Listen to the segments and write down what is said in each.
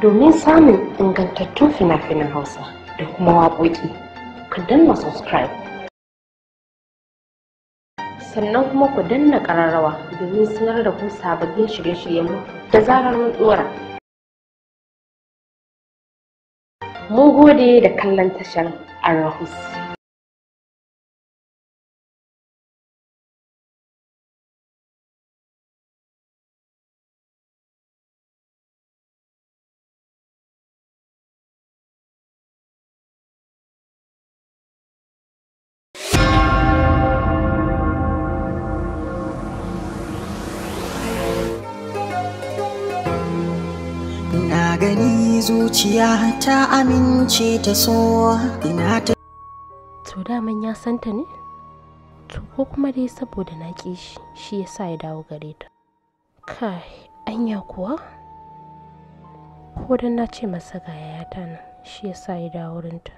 domin samun ingantattun fina-finan hausa da kuma waƙoƙi ku danna subscribe sannan kuma ku danna ƙararrawa domin sanar da ku sababbin shirye-shiryen mu da zarar mun tsora mun gode da kallon tashar arahus gani zuciya ta amince ta so ina ta to daman ya santa ne to ko kuma dai saboda na ki shi shi ya sa ya dawo gare ta kai anya kuwa ko na ce masa ga yayata nan shi ya sa ya dawo rinta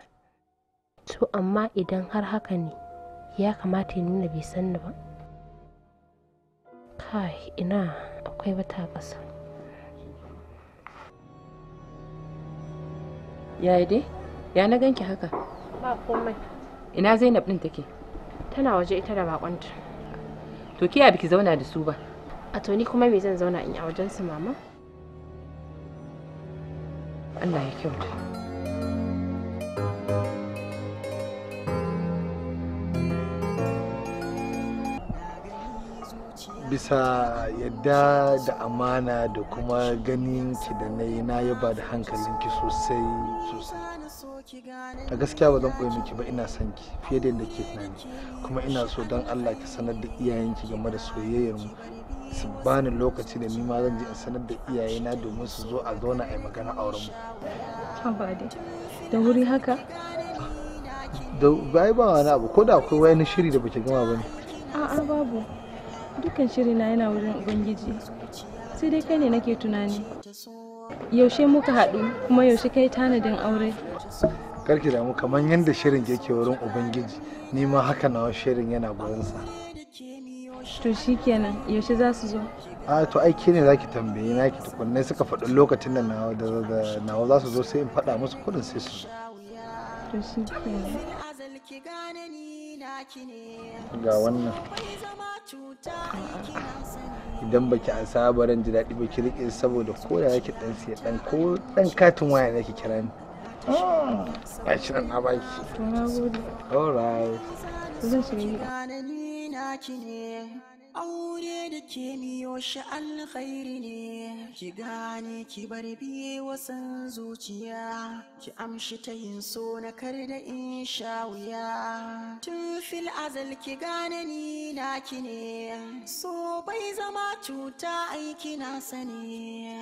to amma idan har haka ne ya kamata ya nuna bai sanni ba kai ina akwai wata ƙasa Yaya dai? Ya na ganki haka? Ba komai. Ina Zainab din take? Tana waje ita da bakonta. To kiya biki zauna da su ba? A to ni kuma me zan zauna in a wajen su mama? Allah ya kyauta. bisa yadda da amana da kuma ganin ki da na yi na yaba da hankalinki sosai sosai a gaskiya ba zan ɓoye miki ba ina son ki fiye da yadda ke tunani kuma ina so don allah ki sanar da iyayenki game da soyayyar mu su bani lokaci da nima zan je in sanar da iyayena domin su zo a zauna a yi magana auren mu da wuri haka da bai ba wani abu ko da akwai wani shiri da baki gama ba ne a'a babu dukkan shirina yana wurin ubangiji sai dai kai ne nake tunani yaushe muka haɗu kuma yaushe kai tanadin aure karki da mu kamar yadda shirin yake wurin ubangiji ni ma haka nawa shirin yana gurinsa to shikenan yaushe za su zo a to aiki ne za ki tambaye na ki tukunne suka faɗi lokacin da na da nawa za su zo sai in faɗa musu kudin sai su to shikenan ga wannan idan baki a saba ji daɗi ba ki riƙe saboda ko da yake ɗan siya ɗan ko ɗan katin waya ne ke kira ni ya ah, ci nan abaki all right zan aure da ke miyo shi alkhairi ne ki gane ki bar biye wasan zuciya ki amshi ta yin so na kar da in sha wuya tun fil azal ki gane ni ki ne so bai zama cuta aiki na sani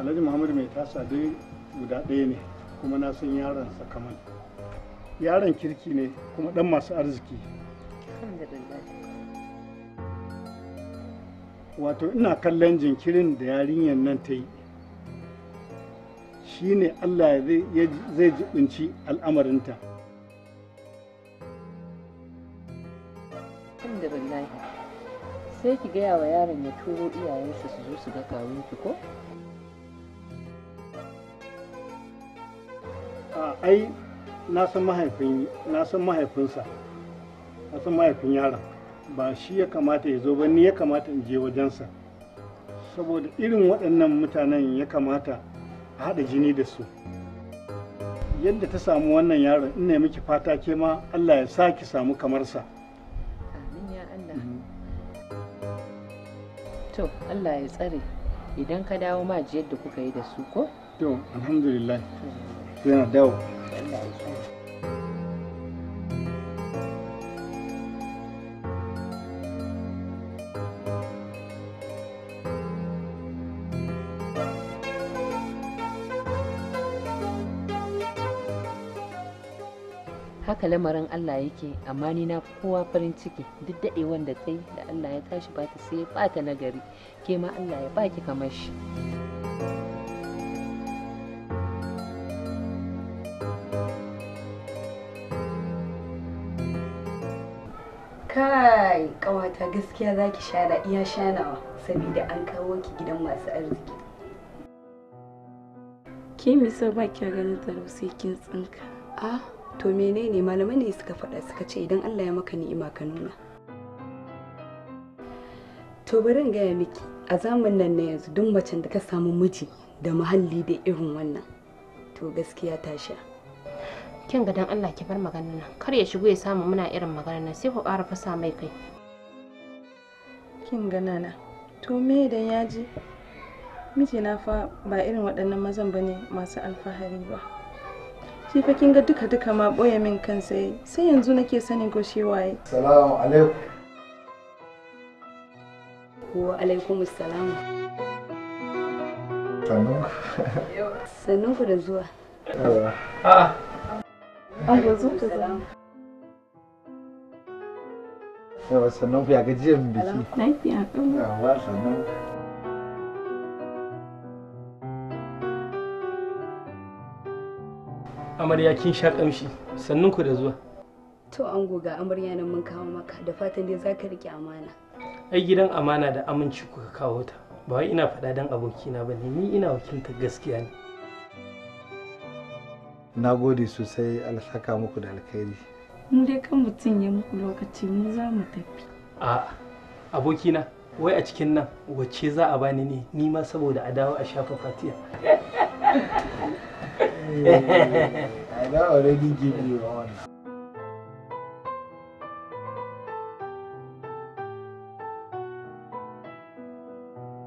Alhaji Muhammadu mai tasa dai guda ɗaya ne kuma na san yaransa kaman yaron kirki ne kuma ɗan masu arziki wato ina kallon jinkirin da yarinyar nan ta yi shi ne allah zai jibinci al'amarinta sai ki gaya wa yaron ya turo iyayensa su zo su ga kawunki ko? ai na san mahaifin na san mahaifinsa na san mahaifin yaron ba shi ya kamata ya zo ba ni ya kamata in je wajensa saboda irin waɗannan mutanen ya kamata a haɗa jini da su yadda ta samu wannan yaron ina miki fata ke ma Allah ya sa ki samu kamarsa amin ya mhm. to Allah ya tsare idan ka dawo ma da kuka yi da su ko to alhamdulillah haka lamarin Allah yake amma ni na kowa farin ciki duk daɗewan da ta da Allah ya tashi ba ta sai ba ta nagari ke ma Allah ya baki kamar shi. kai kawata gaskiya za ki shana iya shanawa saboda an kawo ki gidan masu arziki ki misa ba ki ganin taro sai kin tsinka ah to menene malamai ne suka faɗa suka ce idan Allah ya maka ni'ima ka nuna to bari in gaya miki a zamanin nan na yanzu duk macen da ka samu miji da muhalli da irin wannan to gaskiya ta sha kin ga dan Allah ki bar maganar nan kar ya shigo ya samu muna irin maganar nan sai ku ƙara fasa mai kai kin ga nana to me dan ya ji na fa ba irin waɗannan mazan bane masu alfahari ba shi fa kin ga duka duka ma boye min kansa yayi sai yanzu nake sani ko shi waye assalamu alaikum wa alaikum assalam sanu sanu da zuwa a'a Awa Yawa sannan ku ya gajiyar biki. Lafiya Yawa sannan. Amarya kin sha ƙamshi, sannan ku da zuwa. To an ga amarya nan mun kawo maka da fatan dai za ka riƙe amana. Ai gidan amana da aminci kuka kawo ta ba wai ina faɗa don abokina ba ne ni ina wakiltar gaskiya ne. na gode sosai alsaka muku da alkhairi in dai kan mutum ya muku lokaci mu za mu tafi a abokina wai a cikin nan wacce za a bani ne ni ma saboda a dawo a shafa fatiya eh, I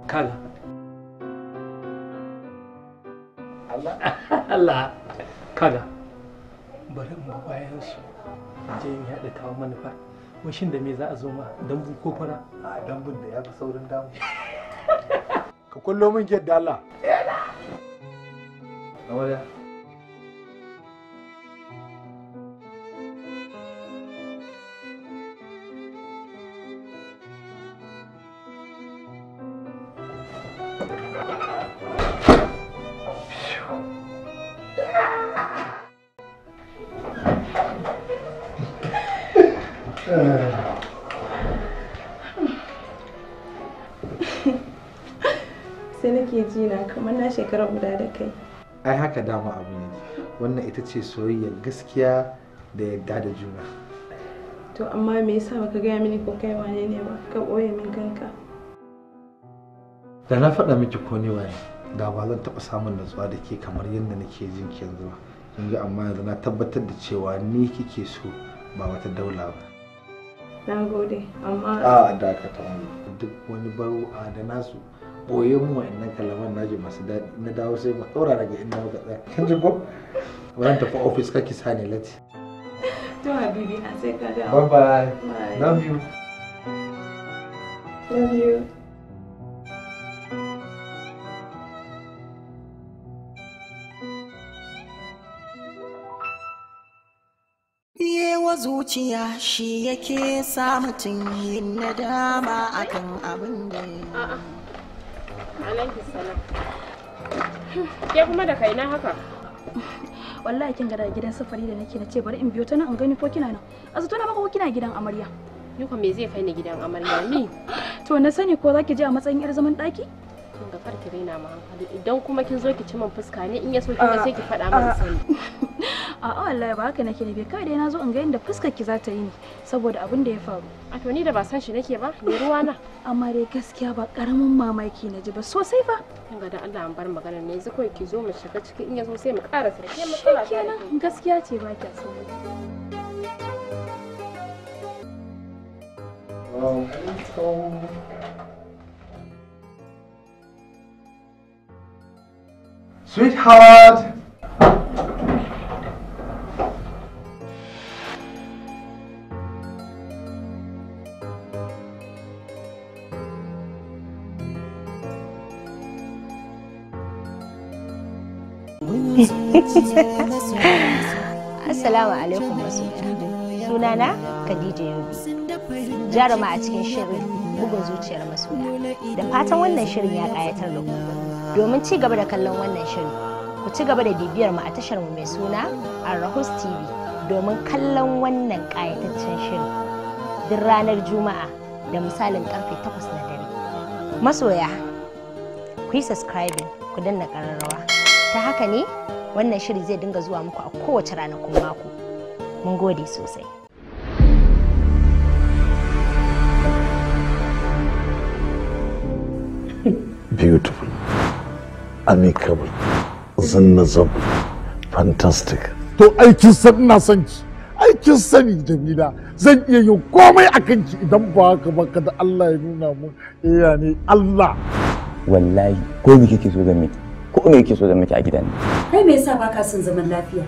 Kala. Allah. Allah. kada bari mu bayan su je mu haɗa manufa washin da me za a zo ma dambu ko fara a dambun da ya fi saurin damu ka kullo min yadda Allah Amada. Eh. sai nake ji na kamar na shekara guda da kai ai haka dama abu ne wannan ita ce soyayya gaskiya da yadda da juna to amma me yasa baka gaya mini ko kai wane ne ba ka ɓoye min kanka da na faɗa miki ko ne wani da ba zan taɓa samun natsuwa da ke kamar yadda nake jin ki yanzu ba kin ga amma yanzu na tabbatar da cewa ni kike so ba wata daula ba na gode amma a dakata duk wani a da nasu boye mu wa'annan kalaman naji masu daɗi na dawo sai mu ɗora daga inda muka tsaya kin ji ko bari tafi office kake sani lati to habibi a sai ka dawo bye bye love you love you zuciya shi yake sa mutum yin nadama akan abin da ya ke kuma da kaina haka wallahi kin gada gidan safari da nake na ce bari in biyo ta nan in gani ko kina nan azuto na maka ko kina gidan amarya ni ko me zai kai ni gidan amarya ni to na sani ko zaki je a matsayin yar zaman daki kin ga farki raina ma hankali idan kuma kin zo ki ci min fuska ne in ya so kin sai ki faɗa min sani a'a wallahi ba haka nake nufi kai dai nazo in ga yadda fuskar ki za ta yi ne saboda abin da ya faru a to ni da ba san shi nake ba ne ruwa na amma dai gaskiya ba karamin mamaki na ji ba sosai ba. In ga da Allah an bar magana ne yanzu kawai ki zo mu shiga ciki in ya sai mu sai ke matsala gaskiya ce ba kya so Sweetheart! Assalamu alaikum masoya. Sunana Khadija Yobi. Jaruma a cikin shirin bugun zuciyar masoya. Da fatan wannan shirin ya kayatar da ku. Domin ci gaba da kallon wannan shirin, ku ci gaba da bibiyar mu a tashar mu mai suna Arahus TV domin kallon wannan kayataccen shirin. Duk ranar Juma'a da misalin karfe 8 na dare. Masoya, ku yi subscribing ku danna kararrawa. ta haka ne wannan shiri zai dinga zuwa muku a kowace ranakun mako mun gode sosai beautiful amicable zinnazable fantastic to aikin san ina son ki aikin sani jamila zan iya yin komai a kanki idan ba haka ba kada allah ya nuna mun iya eh, ne allah wallahi ko kike so ga miki ko me yake so da miki a gidan kai me yasa baka son zaman lafiya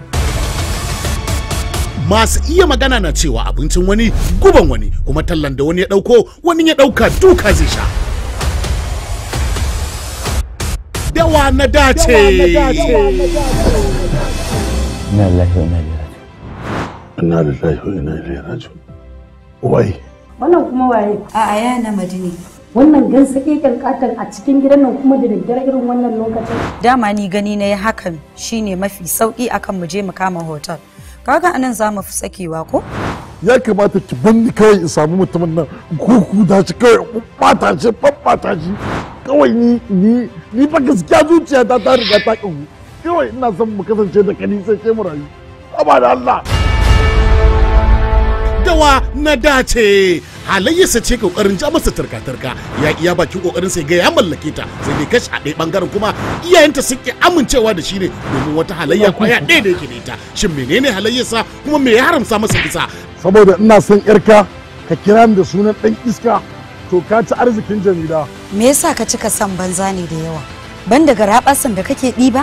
masu iya magana na cewa abincin wani guban wani kuma tallan da wani ya dauko wani ya dauka duka zai sha dawa na dace na lahi wa na lillahi wa inna ilaihi raji'un wai wannan kuma waye A'a, aya na madini wannan gansake kankatan a cikin gidan nan kuma da daddare irin wannan lokacin dama ni gani na yi hakan shine mafi sauki akan mu je mu kama hotel kaga anan za mu fi sakewa ko ya kamata ki ni kawai in samu mutumin nan kuku da shi kawai bata shi bata shi kawai ni ni ni fa gaskiya zuciya ta ta riga ta kawai ina son mu kasance da kani sai ke mu rayu abada Allah dawa na dace halayyarsa ce kokarin ja masa tarka-tarka ya iya bakin kokarin sai ga ya mallake ta sai dai kashi a ɗaya bangaren kuma iyayenta sun ki amincewa da shi ne domin wata halayya kwaya ɗaya da yake da ita shin menene halayyarsa kuma me ya haramsa masa kisa saboda ina son yarka ka kira ni da sunan dan iska to ka ci arzikin jamila me yasa ka cika son banza ne da yawa ban daga rabasan da kake ɗiba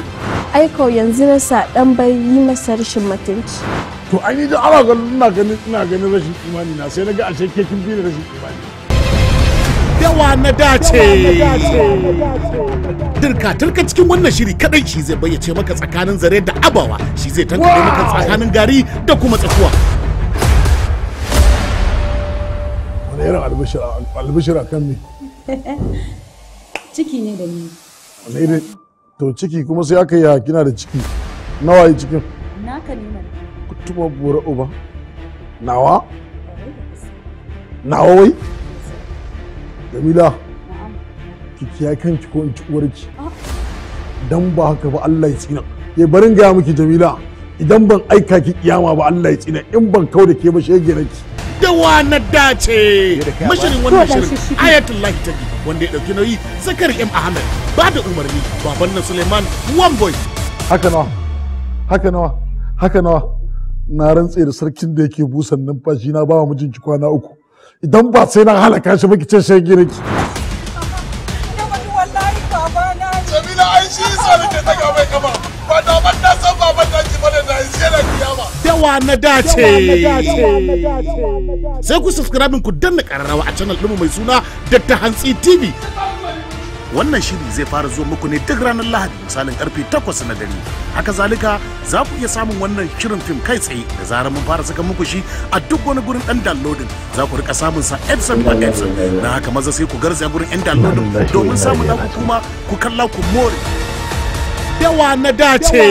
aiko yanzu na sa dan bai yi masa rashin mutunci to an yi ana ganin ina ganin ina ganin rashin imani na sai naga ashe ke kin bi rashin imani yawa na dace turka turka cikin wannan shiri kadai shi zai bayyace maka tsakanin zare da abawa shi zai tankare maka tsakanin gari da kuma tsakuwa wani irin albishira a kan me ciki ne da ni wani irin to ciki kuma sai aka yi kina da ciki nawa yi cikin naka ne tuma bura uba nawa nawa wai jamila ki kiya kanki ko in ci uwarki dan ba haka ba Allah ya tsina ya eh, barin gaya miki jamila idan ban aika ki kiyama ba Allah ya tsina in ban kau da ke ba shege Da wa na dace mashirin wannan shirin ta tabi wanda ya dauki nauyi Zakar im ahmed ba da umarni baban na suleiman one boy haka nawa haka nawa haka nawa na rantse da sarkin da yake busan numfashi na ba mijinki kwana uku idan ba sai na halaka shi ba ki ce sai ki shi ki sai dawa na dace sai ku subscribe ku danna kararrawa a channel ɗinmu mai suna Dr. Hantsi TV wannan shirin zai fara zuwa muku ne duk ranar lahadi misalin karfe 8 na dare haka zalika za ku iya samun wannan shirin fim kai tsaye da zarar mun fara saka muku shi a duk wani gurin dan downloading za ku rika samun sa Epson ba Epson na haka maza sai ku garza gurin yan downloading domin samun naku kuma ku kalla ku more yawa na dace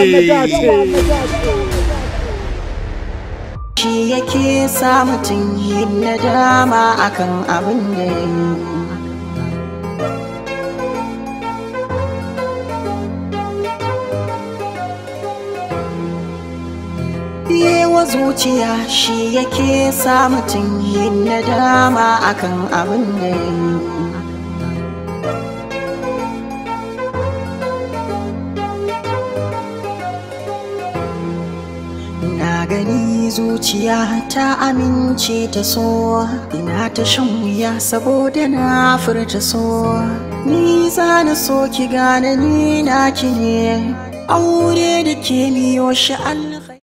shi yake sa mutum yin nadama akan abin da ya yi biyewa zuciya shi yake sa mutum yin nadama akan abin da yi na gani zuciya ta amince ta so ina ta shan wuya saboda na furta so ni za na so ki gane ni na ki ne aure da ke miyo sha'alla